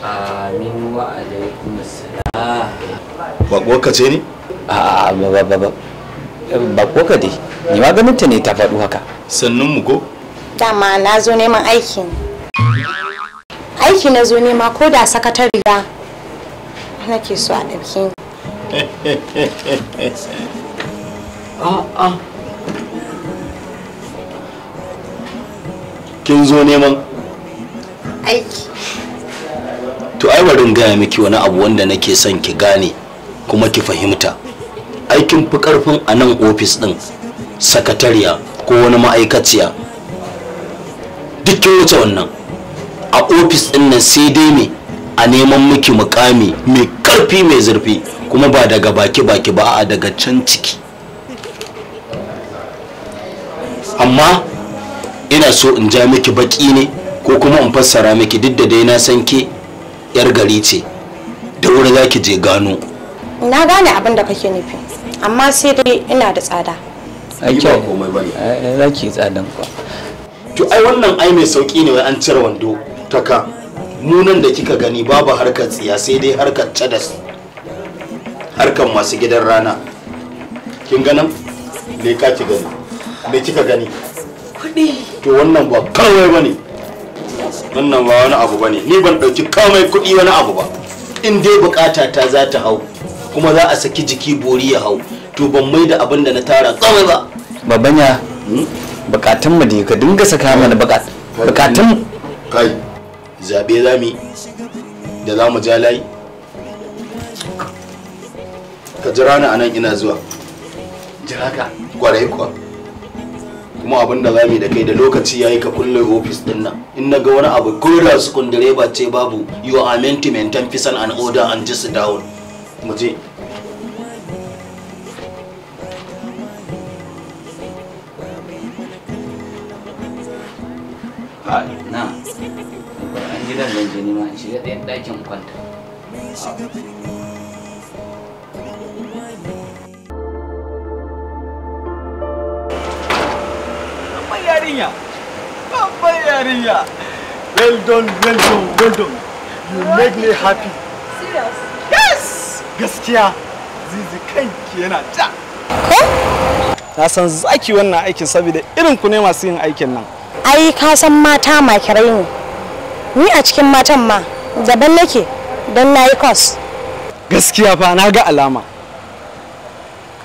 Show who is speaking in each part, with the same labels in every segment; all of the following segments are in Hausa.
Speaker 1: amin wa alaikum assalam bako ka ce ne? a ba ba ba dai ni ma ganin ne ta faɗu haka sannun mu ko
Speaker 2: dama na zo neman aiki aiki na zo nema ko da sakatariya nake so a ɗauki
Speaker 1: kin zo neman aiki ai in gaya miki wani abu wanda nake son ki gane kuma ki fahimta aikin fi karfin a nan ofis ɗin sakatariya ko wani ma'aikaciya dukkin wuce wannan a ofis din nan sai dai me a neman miki mukami mai karfi mai zurfi kuma ba daga baki baki ba a daga can ciki amma ina so in ja miki baki ne ko kuma in fassara miki duk da dai na san ke yar gari ce da wuri za ki je gano
Speaker 2: na gane abin da kake nufi amma sai dai ina da tsada
Speaker 1: ai kyau komai bane za ki tsadan kuwa to ai wannan ai mai sauki ne wai an cire wando taka nunan da kika gani babu harkar tsiya sai dai harkar cadas harkar masu gidan rana kin ganin me ka ki gani me kika gani kuɗi to wannan ba kawai bane wannan ba wani abu bane ni ban dauki kamai kuɗi wani abu ba in dai bukata ta za ta hau kuma za a saki jiki bori ya hau to ban mai da abin da na tara kamai ba babanya hmm? bukatun mu da ka dinga saka mana bukatun kai zabe zami da za mu ja layi ka jira ni anan ina zuwa jira ka kwarai kuwa kuma abin da za mu yi da kai da lokaci yayi ka kulle ofis din nan in na ga wani abu gora su kun direba ce babu you are meant to maintain peace and order and just down mu je na an gidan zan je nima shi da ɗayan ɗakin kwanta
Speaker 3: yarinya babban yarinya well done well done well done you make me happy serious yes gaskiya zizi kai ki yana ja ko na san zaki wannan aikin saboda irin ku ne masu yin aikin nan ai ka san mata makirai ne ni a cikin matan ma daban nake don na yi kwas gaskiya fa na ga alama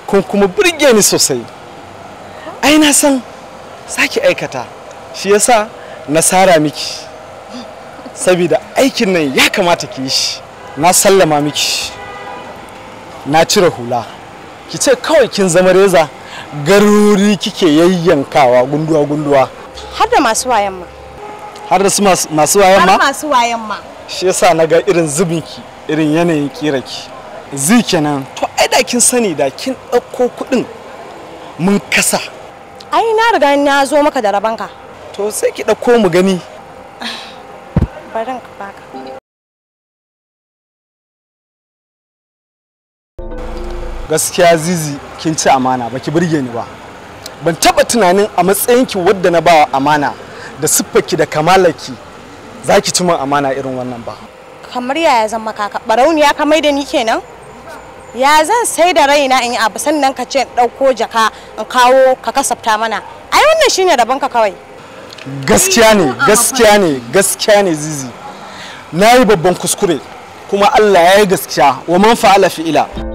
Speaker 3: kun kuma burge ni sosai ai na san saki aikata shi yasa na sara miki saboda aikin nan ya kamata ki yi shi na sallama miki na cire hula ki ce kawai kin zama reza garuri kike yayyankawa gunduwa gunduwa
Speaker 2: har da masu wayan ma
Speaker 3: har da masu wayan ma har
Speaker 2: masu wayan ma
Speaker 3: shi yasa na ga irin zubin ki irin yanayin kira ki zi kenan to ai da kin sani da kin ɗauko kuɗin mun kasa ai na riga na zo maka da rabanka to sai ki ɗauko mu gani
Speaker 2: barin ka baka
Speaker 1: gaskiya zizi kin ci amana baki burge ni ba ban taba tunanin a matsayinki
Speaker 3: wadda na bawa amana da siffarki da kamalaki za ki ci min amana irin wannan ba
Speaker 2: kamar yaya zan maka ka barauniya ka mai da ni kenan ya zan sai da raina in abu sannan ka ce ɗauko jaka in kawo ka kasafta mana ai wannan shine rabon ka kawai
Speaker 3: gaskiya ne gaskiya ne gaskiya ne zizi na
Speaker 1: yi babban kuskure kuma Allah ya yi gaskiya wa man fa'ala fi'ila